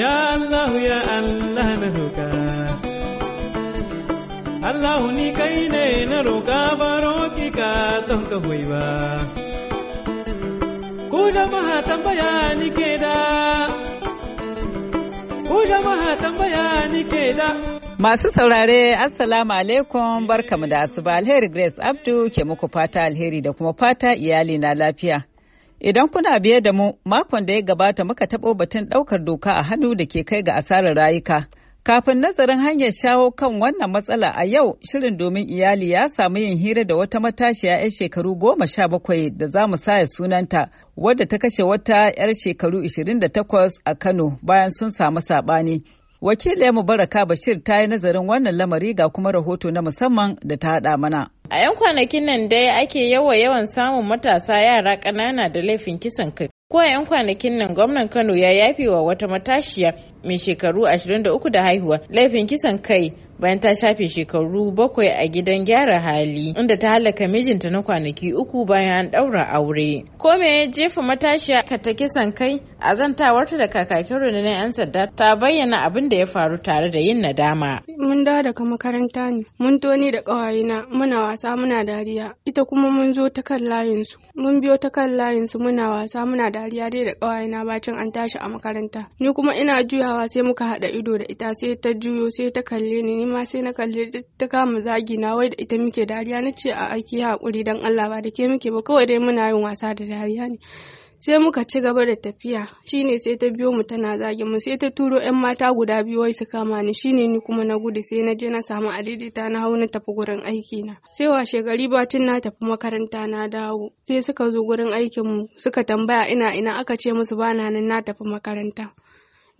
Ya Allah ya Allah na roƙa Allah ni kai ne na roƙa ba ki ka don ka hoyi ba Ku maha tambaya ni ke da Ku maha tambaya ni ke da Masu saurare Assalamu alaikum barkamu da asuba alheri Grace Abdu ke muku fata alheri da kuma fata iyali na lafiya Idan kuna biye da mu, makon da ya gabata muka taɓo batun ɗaukar doka a hannu da ke kai ga asarar rayuka. Kafin nazarin hanyar shawo kan wannan matsala a yau, shirin domin iyali ya samu yin hira da wata matashiya 'yar shekaru goma sha bakwai da za mu saya sunanta, wadda ta kashe wata 'yar shekaru 28 a Kano bayan sun samu saɓani. mu baraka Bashir ta yi nazarin wannan lamari ga kuma rahoto na musamman da ta haɗa mana. A 'yan kwanakin nan dai ake yawa yawan samun matasa yara ƙanana da laifin kisan kai. Ko a 'yan kwanakin nan gwamnan Kano ya yafe wa wata matashiya mai shekaru 23 da haihuwa laifin kisan kai bayan ta shafe shekaru bakwai a gidan gyara hali inda ta halaka mijinta na kwanaki uku bayan an ɗaura aure. Ko me ya jefa matashiya ka ta kisan kai? a zantawarta da kakakin na 'yan sanda ta bayyana abin da ya faru tare da yin nadama. Mun da daga makaranta ne, mun toni da ƙawayena muna wasa muna dariya, ita kuma mun zo ta kan layinsu. Mun biyo ta kan layinsu muna wasa muna dariya dai da ƙawayena bacin an tashi a makaranta. Ni kuma ina juyawa sai muka haɗa ido da ita sai ta juyo sai ta kalle ni ni ma sai na kalle ta kama zagi na wai da ita muke dariya na ce a aiki haƙuri dan Allah ba da ke muke ba kawai dai muna yin wasa da dariya ne. sai muka ci gaba da tafiya shine sai ta biyo mu tana zagin mu sai ta turo yan mata guda biyu wai su kama ni shine ni kuma na gudu sai na je na samu adidita na hau na tafi gurin aiki na sai washe gari bacin na tafi makaranta na dawo sai suka zo gurin aikin mu suka tambaya ina ina aka ce musu bana nan na tafi makaranta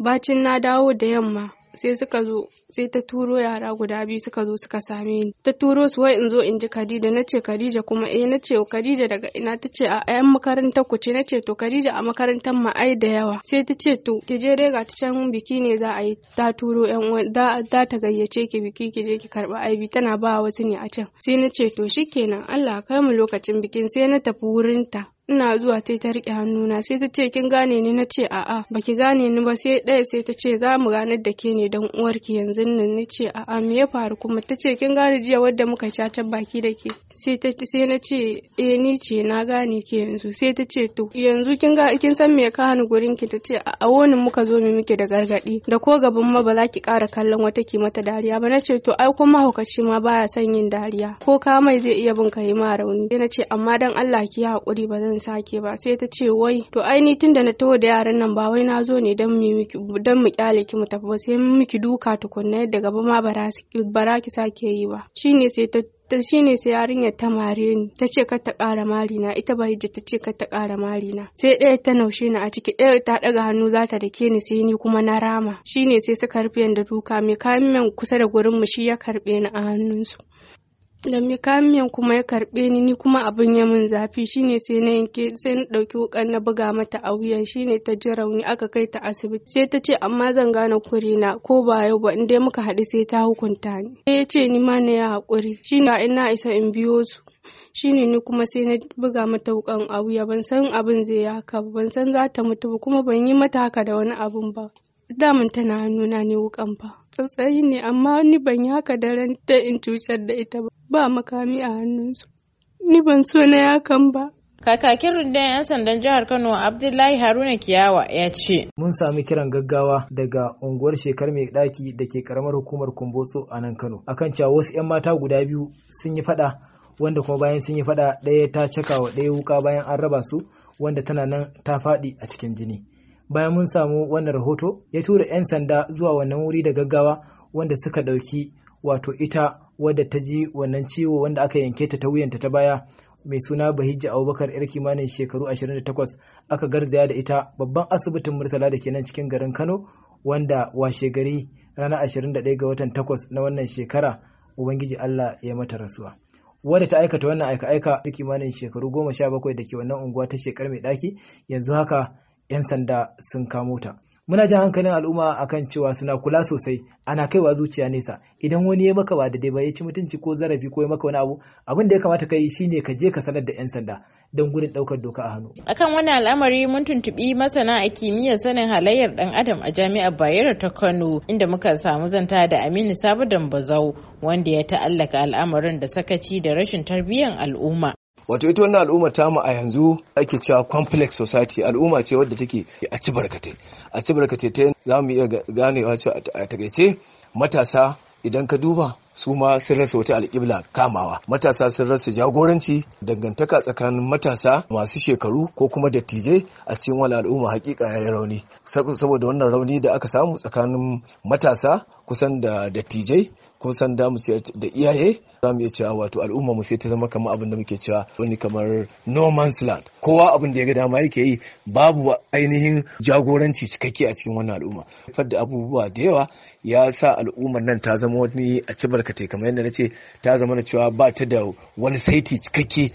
bacin na dawo da yamma sai suka zo sai ta turo yara guda biyu suka zo suka same ni ta turo su wai in zo in ji Khadija Na ce Khadija kuma eh na ce Khadija daga ina ta ce a ayan makarantar ku ce nace to Khadija a makarantar ma ai da yawa sai ta ce to ki je dai ga ta can biki ne za a yi ta turo yan uwa da da ta gayyace ki biki ki je ki karba aibi tana ba wasu ne a can sai na nace to shikenan Allah kai mu lokacin bikin sai na tafi wurin ta ina zuwa sai ta rike hannuna sai ta ce kin gane ni na ce a'a baki gane ni ba sai ɗaya sai ta ce za mu ranar da ke ne dan uwarki yanzu nan ni ce a'a me ya faru kuma ta ce kin gane jiya wadda muka caca baki da ke sai ta sai na ce eh ni ce na gane ki yanzu sai ta ce to yanzu kin ga kin san me ka hani gurin ki ta ce a wonin muka zo mu miki da gargadi da ko gaban ma ba za ki ƙara kallon wata ki mata dariya ba na ce to ai kuma hukaci ma baya son yin dariya ko ka mai zai iya bin kai ma rauni sai na ce amma dan Allah ki haƙuri ba zan sake ba sai ta ce wai to aini tun da na taho da yaran nan ba wai na zo ne don mu kyale ki mu tafi ba sai miki duka tukunna yadda gaba ma bara ki sake yi ba shine sai ta ta shine sai yarinya ta mare ni ta ce kar ta ƙara marina ita hijja ta ce kar ta ƙara marina sai ɗaya ta naushe ni a ciki ɗaya ta ɗaga hannu za ta dake ni sai ni kuma na rama shine sai suka rufe da duka mai kayan kusa da gurin mu shi ya karɓe ni a hannunsu da mai kamiyan kuma ya karbe ni ni kuma abin ya min zafi shine sai na yanke sai na dauki wukan na buga mata a wuyan shine ta ji rauni aka kai ta asibiti sai ta ce amma zan gane kure na ko ba yau ba in dai muka haɗu sai ta hukunta ni sai ya ce ni ma na yi haƙuri shine in na isa in biyo su shine ni kuma sai na buga mata wukan a wuya ban san abin zai yi haka ban san za ta mutu ba kuma ban yi mata haka da wani abun ba damin tana nuna ne wukan ba tsautsayi ne amma ni ban yi haka daren ta in cutar da ita ba ba makami a hannunsu ni ban so na yakan ba Kakakin rundunar 'yan sandan jihar Kano Abdullahi Haruna Kiyawa ya ce. Mun sami kiran gaggawa daga unguwar shekar mai ɗaki da ke karamar hukumar Kumbotso a nan Kano. A kan cewa wasu 'yan mata guda biyu sun yi fada wanda kuma bayan sun yi fada ɗaya ta cakawa wa ɗaya wuka bayan an raba su wanda tana nan ta faɗi a cikin jini. bayan mun samu wannan rahoto ya tura 'yan sanda zuwa wannan wuri da gaggawa wanda suka ɗauki wato ita wadda ta ji wannan ciwo wanda aka yanke ta ta wuyanta ta baya mai suna bahijja abubakar yar kimanin shekaru 28 aka garzaya da ita babban asibitin murtala da ke nan cikin garin kano wanda washe gari ranar 21 ga watan 8 na wannan shekara ubangiji allah ya mata rasuwa wadda ta aikata wannan aika-aika kimanin shekaru 17 da ke wannan unguwa ta shekar mai ɗaki yanzu haka 'yan sanda sun kamo ta. Muna jan hankalin al'umma akan cewa suna kula sosai, ana kaiwa zuciya nesa. Idan wani ya maka ba da dai ba ya ci mutunci ko zarafi ko ya maka wani abu, abin da ya kamata ka yi shine ka je ka sanar da 'yan sanda don gudun ɗaukar doka a hannu. Akan wani al'amari mun tuntuɓi masana a kimiyyar sanin halayyar dan adam a jami'ar Bayero ta Kano, inda muka samu zanta da Aminu Sabu Dambazau, wanda ya ta'allaka al'amarin da sakaci da rashin tarbiyyar al'umma. wato ita wannan al'umma ta mu a yanzu ake cewa complex society al'umma ce wadda take a ci barkatai a ci barkatai ta za mu iya ganewa cewa a takaice matasa idan ka duba su ma sun rasa wata alƙibla kamawa matasa sun rasa jagoranci dangantaka tsakanin matasa masu shekaru ko kuma dattijai a cikin wani al'umma hakika ya yi rauni saboda wannan rauni da aka samu tsakanin matasa kusan da dattijai kun san da mu da iyaye za mu iya cewa wato al'umma mu sai ta zama kamar abin da muke cewa wani kamar no man's land kowa abin da ya ga dama yake yi babu ainihin jagoranci cikakke a cikin wannan al'umma da abubuwa da yawa ya sa al'ummar nan ta zama wani a ci barkatai kamar yadda na ce ta zama da cewa ba ta da wani saiti cikakke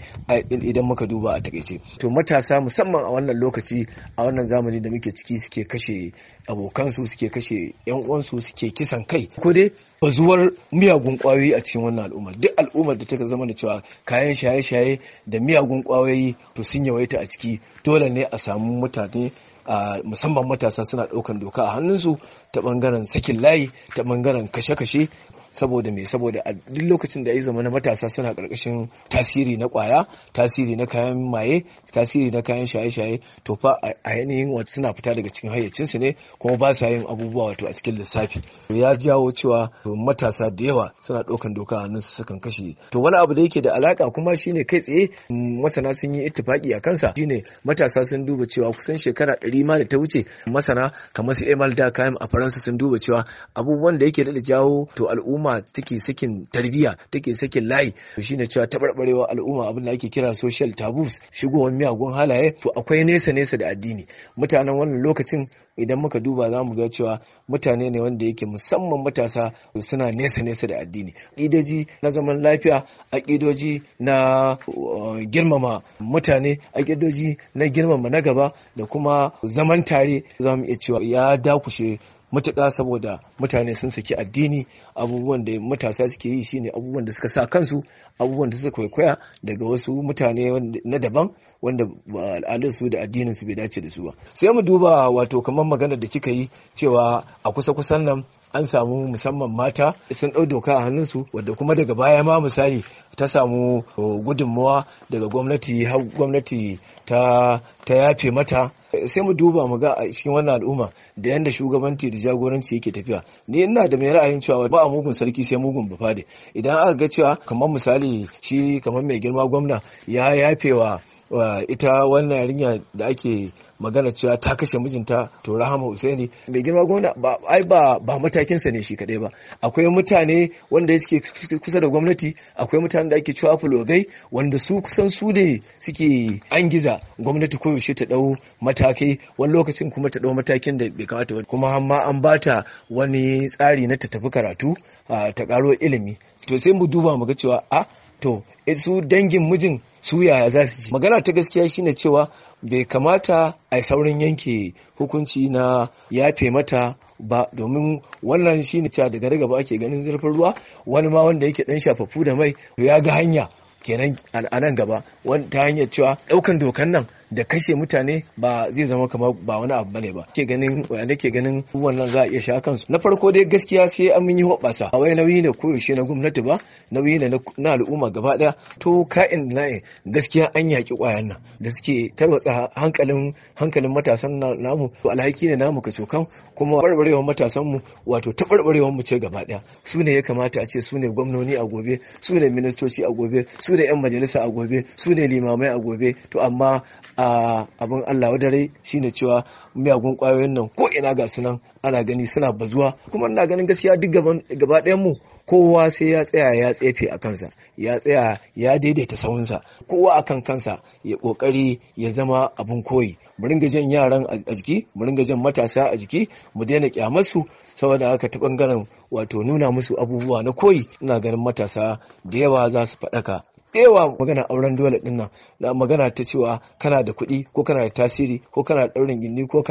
idan muka duba a takaice to matasa musamman a wannan lokaci a wannan zamani da muke ciki suke kashe abokansu suke kashe yan uwansu suke kisan kai ko dai bazuwar miyagun kwayoyi a cikin wannan al'umma duk al'ummar da ta zama da cewa kayan shaye-shaye da miyagun kwayoyi to sun yawaita a ciki dole ne a samu mutane a musamman matasa suna ɗaukan doka a hannunsu ta ɓangaren sakin layi ta ɓangaren kashe-kashe saboda me saboda a duk lokacin da ya zama na matasa suna karkashin tasiri na kwaya tasiri na kayan maye tasiri na kayan shaye-shaye to fa a yanayin wata suna fita daga cikin hayyacinsu ne kuma ba sa yin abubuwa wato a cikin lissafi ya jawo cewa matasa da yawa suna ɗaukan doka a su sukan kashe to wani abu da yake da alaka kuma shine kai tsaye mm, masana sun yi ittifaki a kansa shine matasa sun duba cewa kusan shekara ɗari ma da ta wuce masana kamar su Emal kayan a Faransa sun duba cewa abubuwan da yake da jawo to al'umma al'umma take sakin tarbiyya take sakin layi to shine cewa tabarbarewa al'umma abin da ake kira social taboos shigowar miyagun halaye to akwai nesa nesa da addini mutanen wannan lokacin idan muka duba za mu ga cewa mutane ne wanda yake musamman matasa suna nesa nesa da addini ƙidoji na zaman lafiya a ƙidoji na uh, girmama mutane a ƙidoji na girmama na gaba da kuma zaman tare za mu iya cewa ya dakushe matuƙa saboda mutane sun saki addini abubuwan da matasa suke yi shine abubuwan da suka sa kansu abubuwan da suka kwaikwaya daga wasu mutane na daban wanda su da addinin su bai dace da su ba sai mu duba wato kamar maganar da kika yi cewa a kusa kusan nan an samu musamman mata sun ɗau doka a hannunsu wadda kuma daga baya ma misali ta samu uh, gudunmawa daga gwamnati har gwamnati ta yafe mata sai mu duba mu ga a cikin wannan al'umma da yanda shugabanci da jagoranci yake tafiya ni ina da mai ra'ayin cewa ba a mugun sarki sai mugun bafade idan aka ga cewa kamar misali shi kamar mai girma gwamna ya yafewa ita wannan yarinya da ake magana cewa ta kashe mijinta to rahama husaini mai girma gwamna ba ai ba matakinsa ne shi kadai ba akwai mutane wanda suke kusa da gwamnati akwai mutane da ake cewa fulogai wanda su kusan su ne suke an giza gwamnati koyaushe ta dau matakai wani lokacin kuma ta dau matakin da bai kamata ba kuma amma an bata wani tsari na ta tafi karatu ta karo ilimi to sai mu duba mu ga cewa a to eh, su dangin mijin su yaya za su ji magana ta gaskiya shine cewa bai kamata a saurin yanke hukunci na yafe mata ba domin wannan shine cewa daga daga ba ake ganin zurfin ruwa wani ma wanda yake dan shafaffu da mai ya ga hanya kenan a nan gaba ta hanyar cewa daukan dokan nan da kashe mutane ba zai zama kamar ba wani abu bane ba ke ganin wanda ke ganin wannan za a iya sha kansu na farko dai gaskiya sai an yi hoɓasa ba wai nauyi ne koyaushe na gwamnati ba nauyi ne na al'umma gaba daya to ka'in na gaskiya an yaki kwayan nan da suke tarwatsa hankalin hankalin matasan namu alhaki ne namu ka cokan kuma barbarewar matasan mu wato barbarewar mu ce gaba daya su ne ya kamata a ce su ne gwamnoni a gobe su ne ministoci a gobe su ne 'yan majalisa a gobe su ne limamai a gobe to amma a abin Allah shi shine cewa miyagun kwayoyin nan ko ina ga su nan ana gani suna bazuwa kuma ina ganin gaskiya duk gaba ɗayan mu kowa sai ya tsaya ya tsefe a kansa ya tsaya ya daidaita sahunsa kowa a kan kansa ya kokari ya zama abin koyi mu ringa jan yaran a jiki mu ringa jan matasa a jiki mu daina kyamarsu saboda haka ta bangaren wato nuna musu abubuwa na koyi ina ganin matasa da yawa za su faɗaka yawa magana auren dole din nan na magana ta cewa kana da kuɗi ko kana da tasiri ko kana da ɗaurin gindi ko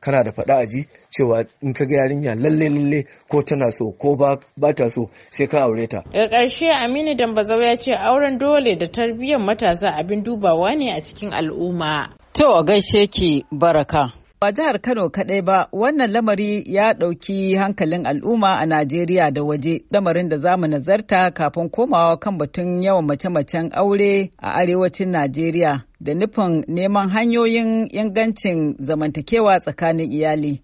kana da faɗa aji cewa in ka ga yarinya lalle lalle ko tana so ko ba ta so sai ka aure ta. Daga ƙarshe Aminu Dambazau ya ce auren dole da tarbiyyar matasa abin dubawa ne a cikin al'umma. To gaishe ki baraka. Ba jihar Kano kaɗai ba, wannan lamari ya ɗauki hankalin al'umma a Najeriya da waje, lamarin da zamu nazarta kafin komawa kan batun yawan mace-macen aure a arewacin Najeriya da nufin neman hanyoyin ingancin zamantakewa tsakanin iyali.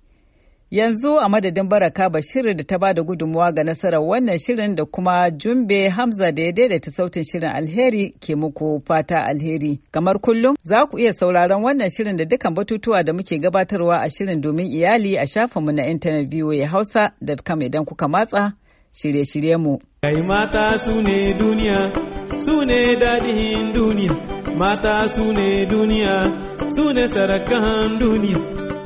Yanzu a madadin Baraka Bashir da ta ba da gudunmuwa ga nasarar wannan shirin da kuma Jumbe Hamza da ya daidaita sautin shirin alheri ke muku fata alheri. Kamar kullum za ku iya sauraron wannan shirin da dukkan batutuwa da muke gabatarwa a shirin domin iyali a shafinmu na intanet ya hausa.com idan kuka matsa shirye-shiryenmu. Kai mata su ne duniya, su daɗin duniya, mata su duniya, su ne duniya.